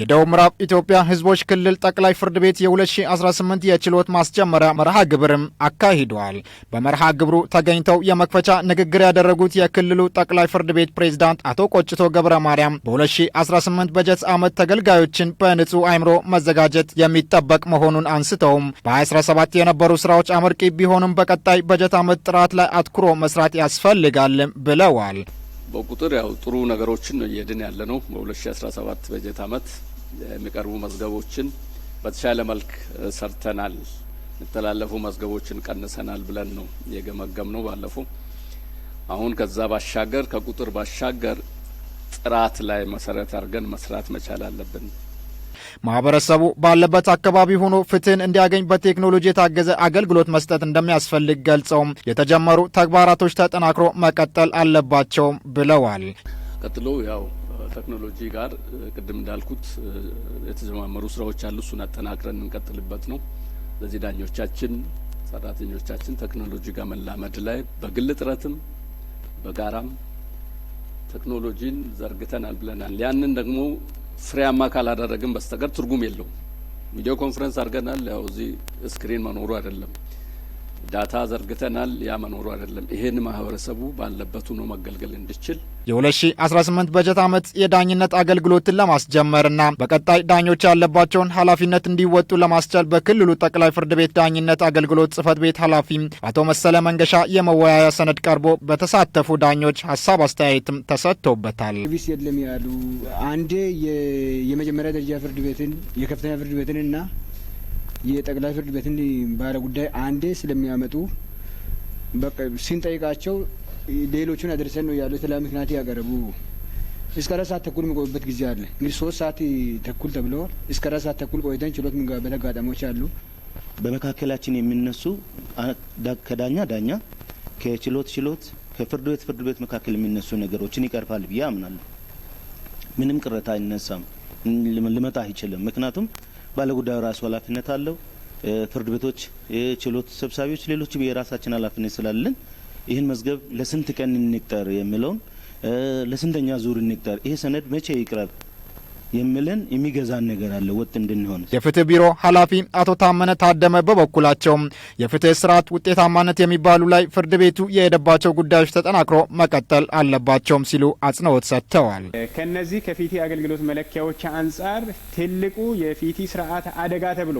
የደቡብ ምዕራብ ኢትዮጵያ ህዝቦች ክልል ጠቅላይ ፍርድ ቤት የ2018 የችሎት ማስጀመሪያ መርሃ ግብርም አካሂደዋል። በመርሃ ግብሩ ተገኝተው የመክፈቻ ንግግር ያደረጉት የክልሉ ጠቅላይ ፍርድ ቤት ፕሬዝዳንት አቶ ቆጭቶ ገብረ ማርያም በ2018 በጀት ዓመት ተገልጋዮችን በንጹህ አይምሮ መዘጋጀት የሚጠበቅ መሆኑን አንስተውም በ2017 የነበሩ ስራዎች አመርቂ ቢሆንም በቀጣይ በጀት ዓመት ጥራት ላይ አትኩሮ መስራት ያስፈልጋል ብለዋል። በቁጥር ያው ጥሩ ነገሮችን ነው እየሄድን ያለ ነው። በ2017 በጀት አመት የሚቀርቡ መዝገቦችን በተሻለ መልክ ሰርተናል፣ የተላለፉ መዝገቦችን ቀንሰናል ብለን ነው የገመገም ነው ባለፈው። አሁን ከዛ ባሻገር ከቁጥር ባሻገር ጥራት ላይ መሰረት አድርገን መስራት መቻል አለብን። ማህበረሰቡ ባለበት አካባቢ ሆኖ ፍትህን እንዲያገኝ በቴክኖሎጂ የታገዘ አገልግሎት መስጠት እንደሚያስፈልግ ገልጸውም የተጀመሩ ተግባራቶች ተጠናክሮ መቀጠል አለባቸው ብለዋል። ቀጥሎ ያው ቴክኖሎጂ ጋር ቅድም እንዳልኩት የተጀማመሩ ስራዎች አሉ። እሱን አጠናክረን የምንቀጥልበት ነው። ለዚህ ዳኞቻችን፣ ሰራተኞቻችን ቴክኖሎጂ ጋር መላመድ ላይ በግል ጥረትም በጋራም ቴክኖሎጂን ዘርግተናል ብለናል። ያንን ደግሞ ፍሬያማ ካላደረግን በስተቀር ትርጉም የለውም። ቪዲዮ ኮንፈረንስ አድርገናል። ያው እዚህ ስክሪን መኖሩ አይደለም ዳታ ዘርግተናል። ያ መኖሩ አይደለም። ይሄን ማህበረሰቡ ባለበት ሆኖ መገልገል እንዲችል የ2018 በጀት ዓመት የዳኝነት አገልግሎትን ለማስጀመርና በቀጣይ ዳኞች ያለባቸውን ኃላፊነት እንዲወጡ ለማስቻል በክልሉ ጠቅላይ ፍርድ ቤት ዳኝነት አገልግሎት ጽህፈት ቤት ኃላፊ አቶ መሰለ መንገሻ የመወያያ ሰነድ ቀርቦ በተሳተፉ ዳኞች ሀሳብ አስተያየትም ተሰጥቶበታል። ቪስ የለም ያሉ አንዴ የመጀመሪያ ደረጃ ፍርድ ቤትን የከፍተኛ ፍርድ ቤትንና የጠቅላይ ፍርድ ቤት ባለ ጉዳይ አንዴ ስለሚያመጡ ስንጠይቃቸው ሌሎቹን አድርሰን ነው ያሉ የተለያዩ ምክንያት ያቀረቡ እስከ አራት ሰዓት ተኩል የሚቆዩበት ጊዜ አለ። እንግዲህ ሶስት ሰዓት ተኩል ተብሎ እስከ አራት ሰዓት ተኩል ቆይተን ችሎት የምንገባበት አጋጣሚዎች አሉ። በመካከላችን የሚነሱ ከዳኛ ዳኛ፣ ከችሎት ችሎት፣ ከፍርድ ቤት ፍርድ ቤት መካከል የሚነሱ ነገሮችን ይቀርፋል ብዬ አምናለሁ። ምንም ቅሬታ አይነሳም፣ ልመጣ አይችልም። ምክንያቱም ባለጉዳዩ ራሱ ኃላፊነት አለው። ፍርድ ቤቶች፣ የችሎት ሰብሳቢዎች፣ ሌሎችም የራሳችን ኃላፊነት ስላለን ይህን መዝገብ ለስንት ቀን እንቅጠር የሚለውን ለስንተኛ ዙር እንቅጠር፣ ይሄ ሰነድ መቼ ይቅረብ የሚለን የሚገዛን ነገር አለ ወጥ እንድንሆን። የፍትህ ቢሮ ኃላፊ አቶ ታመነ ታደመ በበኩላቸው የፍትህ ስርዓት ውጤታማነት የሚባሉ ላይ ፍርድ ቤቱ የሄደባቸው ጉዳዮች ተጠናክሮ መቀጠል አለባቸውም ሲሉ አጽንኦት ሰጥተዋል። ከነዚህ ከፊቲ አገልግሎት መለኪያዎች አንጻር ትልቁ የፊቲ ስርዓት አደጋ ተብሎ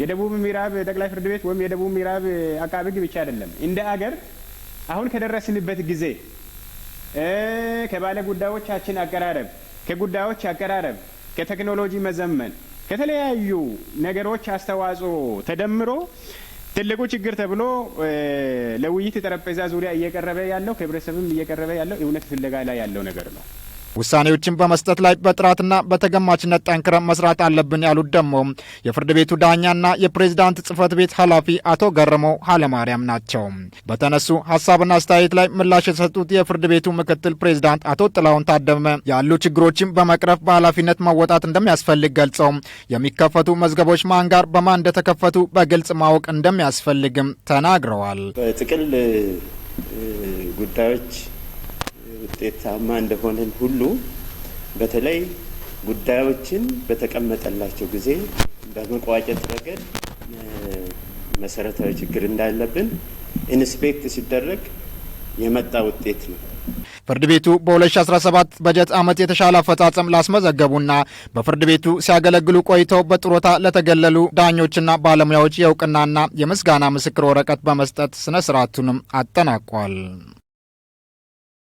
የደቡብ ምዕራብ ጠቅላይ ፍርድ ቤት ወይም የደቡብ ምዕራብ አቃቤ ሕግ ብቻ አይደለም እንደ አገር አሁን ከደረስንበት ጊዜ ከባለ ጉዳዮቻችን አቀራረብ ከጉዳዮች አቀራረብ፣ ከቴክኖሎጂ መዘመን፣ ከተለያዩ ነገሮች አስተዋጽኦ ተደምሮ ትልቁ ችግር ተብሎ ለውይይት ጠረጴዛ ዙሪያ እየቀረበ ያለው ከህብረተሰብም እየቀረበ ያለው እውነት ፍለጋ ላይ ያለው ነገር ነው። ውሳኔዎችን በመስጠት ላይ በጥራትና በተገማችነት ጠንክረ መስራት አለብን ያሉት ደግሞ የፍርድ ቤቱ ዳኛና የፕሬዝዳንት ጽህፈት ቤት ኃላፊ አቶ ገረሞ ኃይለማርያም ናቸው። በተነሱ ሀሳብና አስተያየት ላይ ምላሽ የሰጡት የፍርድ ቤቱ ምክትል ፕሬዝዳንት አቶ ጥላሁን ታደመ ያሉ ችግሮችን በመቅረፍ በኃላፊነት መወጣት እንደሚያስፈልግ ገልጸው የሚከፈቱ መዝገቦች ማን ጋር በማን እንደተከፈቱ በግልጽ ማወቅ እንደሚያስፈልግም ተናግረዋል። በጥቅል ጉዳዮች ውጤታማ እንደሆነን ሁሉ በተለይ ጉዳዮችን በተቀመጠላቸው ጊዜ በመቋጨት ረገድ መሰረታዊ ችግር እንዳለብን ኢንስፔክት ሲደረግ የመጣ ውጤት ነው። ፍርድ ቤቱ በ2017 በጀት ዓመት የተሻለ አፈጻጸም ላስመዘገቡና በፍርድ ቤቱ ሲያገለግሉ ቆይተው በጥሮታ ለተገለሉ ዳኞችና ባለሙያዎች የእውቅናና የምስጋና ምስክር ወረቀት በመስጠት ስነ ስርዓቱንም አጠናቋል።